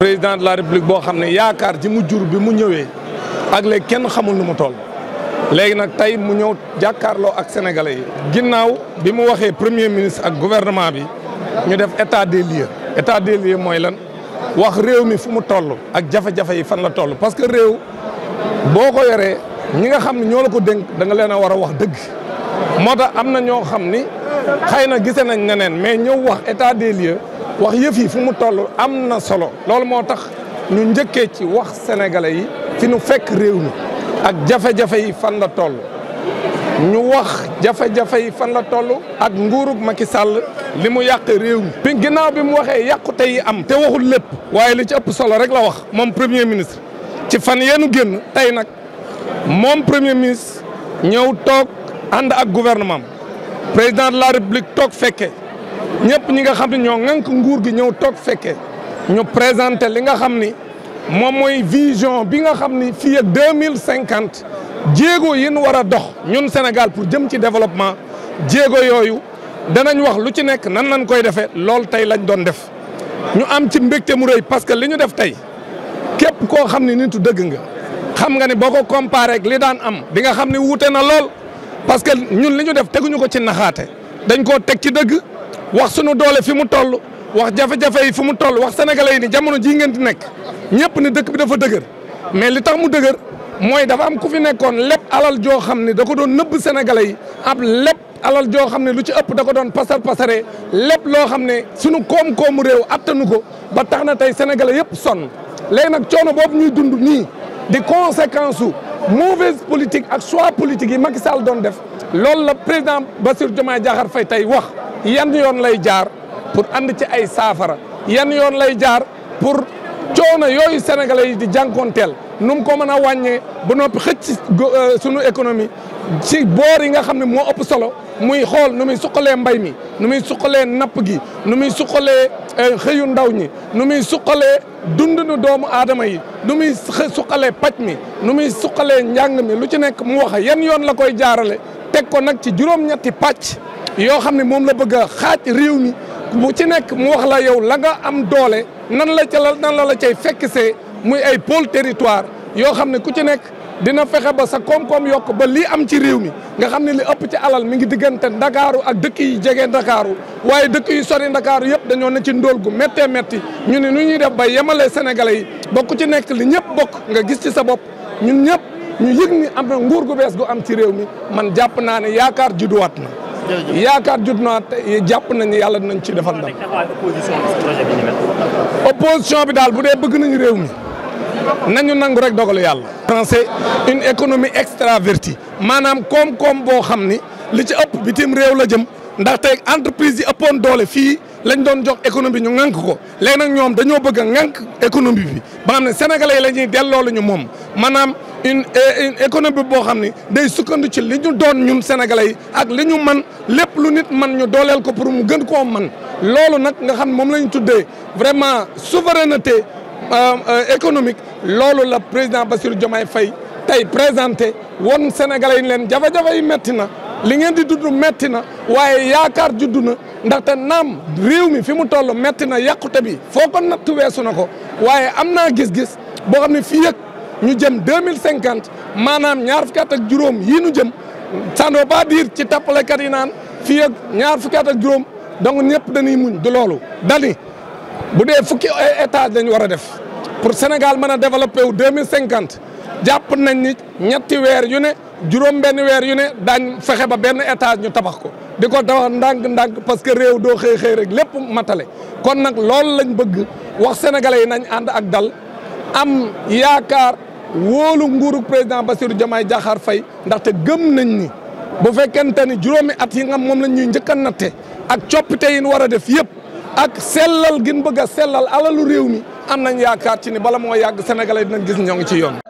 président de la république boo xam ne yaakaar ji mu jur bi mu ñëwee ak léegi kenn xamul nu mu toll léegi nag tey mu ñëw jàkkaarloo ak sénégalais yi. ginnaaw bi mu waxee premier ministre ak gouvernement bi ñu def état de lieux état de lieux mooy lan wax réew mi fu mu toll ak jafe-jafe yi fan la toll parce que réew boo ko yoree ñi nga xam ne ñoo la ko dénk da nga leen a war a wax dëgg moo tax am na ñoo xam ni xëy na gisee nañ neen mais ñëw wax état des lieux. wax yëf yi fu mu toll am na solo loolu moo tax ñu njëkkee ci wax sénégalais yi fi nu fekk réew mi ak jafe-jafe yi fan la toll ñu wax jafe-jafe yi fan la toll ak nguurug Macky sàll li mu yàq réew mi bi ginnaaw bi mu waxee yàqute yi am te waxul lépp waaye li ci ëpp solo rek la wax moom premier ministre ci fan yeenu génn tey nag moom premier ministre ñëw toog ànd ak gouvernement président de la république toog fekkee ñëpp ñi nga xam ne ñoo ŋànk nguur gi ñëw toog fekkee ñu présenté li nga xam ni moom mooy vision bi nga xam ni fii ak deux mille cinquante jéego yi ñu war a dox ñun Sénégal pour jëm ci développement jéego yooyu danañ wax lu ci nekk nan lañ koy defee lool tey lañ doon def. ñu am ci mbégte mu rëy parce que li ñu def tey képp koo xam ni nitu dëgg nga xam nga ni boo ko comparé ak li daan am di nga xam ni wuute na lool parce que ñun li ñu def teguñu ko ci naxaate dañ koo teg ci dëgg. wax sunu doole fi mu toll wax jafe-jafe yi fi mu toll wax sénégalais yi ni jamono jii ngeen di nekk ñëpp ni dëkk bi dafa dëgër mais li tax mu dëgër mooy dafa am ku fi nekkoon lépp alal joo xam ne da ko doon nëbb sénégalais yi ab lépp alal joo xam ne lu ci ëpp da ko doon pasar pasare lépp loo xam ne sunu koom-koomu réew attanu ko ba tax na tey sénégalais yëpp sonn léegi nag coono boobu ñuy dund nii di conséquence su mauvaise politique ak choix politique yi Macky Sall doon def loolu la président Bassirou Diomaye Diakhar Faye tey wax yan yoon lay jaar pour ànd ci ay saafara yan yoon lay jaar pour coono yooyu sénégalais yi di jànkoonteel nu mu ko mën a wàññee ba noppi xëcc euh, sunu économie ci boor yi nga xam ne moo ëpp solo muy xool nu muy suqalee mbay mi nu muy suqalee napp gi nu muy suqalee euh, xëyu ndaw ñi nu muy suqalee dundinu doomu aadama yi nu muy suqalee paj mi nu muy suqalee njàng mi lu ci nekk mu wax yan yoon la koy jaarale teg ko nag ci juróom-ñetti pàcc yoo xam ne moom la bëgg a xaaj réew mi bu ci nekk mu wax la yow la nga am doole nan la ca la nan la la cay fekk se muy ay pôle territoire yoo xam ne ku ci nekk dina fexe ba sa koom-koom yokk ba lii am ci réew mi nga xam ne li ëpp ci alal mi ngi diggante ndakaaru ak dëkk yi jege ndakaaru waaye dëkk yu sori ndakaaru yëpp dañoo ne ci ndóol gu méttee métti ñu ne nu ñuy def ba yemalee sénégalais yi ba ku ci nekk li ñëpp bokk nga gis ci sa bopp ñun ñëpp ñu yëg ni am na gu bees gu am ci réew mi man jàpp naa ne yaakaar judduwaat na yaakaar jut naa jàpp nañu yàlla dinañ ci defal ndam. opposition bi daal bu dee bëgg nañu réew mi nañu nangu rek dogalu yàlla. français une économie extravertie maanaam koom-koom boo xam ni li ci ëpp bitim réew la jëm ndaxte entreprise yi ëppoon doole fii. lañ doon jox économie bi ñu ŋànk ko léegi nag ñoom dañoo bëgg a ŋànk économie bi ba xam ne sénégalais yi la ñuy delloo ñu moom maanaam une une économie boo xam ne day sukkandi ci li ñu doon ñun sénégalais yi ak li ñu man lépp lu nit man ñu dooleel ko pour mu gën koo man loolu nag nga xam moom la ñu tuddee vraiment souveraineté euh, économique loolu la président Bassirou Diomaye fay tey présenté woon sénégalais yi leen jafe-jafe yi metti na li ngeen di dund metti na waaye yaakaar juddu na ndaxte naam réew mi fi mu toll metti na yàqute bi foo ko natt weesu na ko waaye am naa gis-gis boo xam ne fii yëg ñu jëm deux mille cinquante maanaam ñaar fukki at ak juróom yii ñu jëm ça ne veut pas dire ci tappalekat yi naan fii ak ñaar fukki at ak juróom donc ñëpp dañuy muñ du loolu. dani bu dee fukki étage lañ war a def pour Sénégal mën a développé wu deux mille cinquante jàpp nañ ni ñetti weer yu ne. juróom benn weer yu ne daañ fexe ba benn étage ñu tabax ko di ko tabax ndànk-ndànk parce que réew doo xëy xëy rek lépp matale kon nag lool lañ bëgg wax sénégalais yi nañ ànd ak dal am yaakaar wóolu nguurug président Bassirou Diomaye Diakhar Faye ndaxte gëm nañ ni bu fekkente ni juróomi at yi nga moom lañ ñuy njëkk a natte ak coppite yi nu war a def yëpp ak sellal gin bëgg a sellal alalu réew mi am nañ yaakaar ci ni bala moo yàgg sénégalais dinañ gis ñoo ngi ci yoon